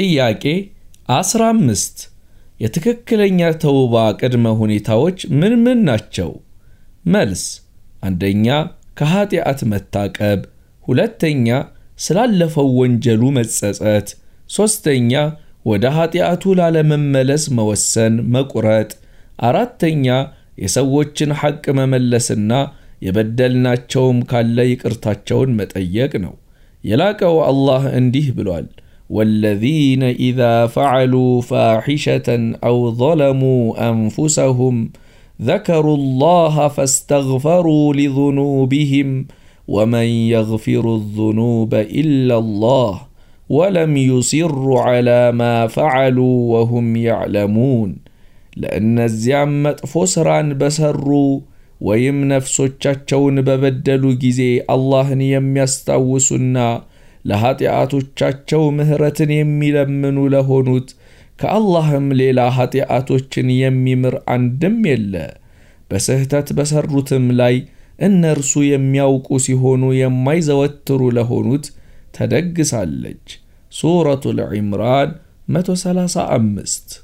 ጥያቄ 15 የትክክለኛ ተውባ ቅድመ ሁኔታዎች ምን ምን ናቸው? መልስ፣ አንደኛ ከኃጢአት መታቀብ፣ ሁለተኛ ስላለፈው ወንጀሉ መጸጸት፣ ሦስተኛ ወደ ኃጢአቱ ላለመመለስ መወሰን መቁረጥ፣ አራተኛ የሰዎችን ሐቅ መመለስና የበደልናቸውም ካለ ይቅርታቸውን መጠየቅ ነው። የላቀው አላህ እንዲህ ብሏል والذين اذا فعلوا فاحشه او ظلموا انفسهم ذكروا الله فاستغفروا لذنوبهم ومن يغفر الذنوب الا الله ولم يصروا على ما فعلوا وهم يعلمون لان زيامت فسرا بسروا ወይም ببدلوا جزي الله نيم يستوسنا ለኃጢአቶቻቸው ምሕረትን የሚለምኑ ለሆኑት ከአላህም ሌላ ኃጢአቶችን የሚምር አንድም የለ። በስህተት በሠሩትም ላይ እነርሱ የሚያውቁ ሲሆኑ የማይዘወትሩ ለሆኑት ተደግሳለች። ሱረቱል ዒምራን 135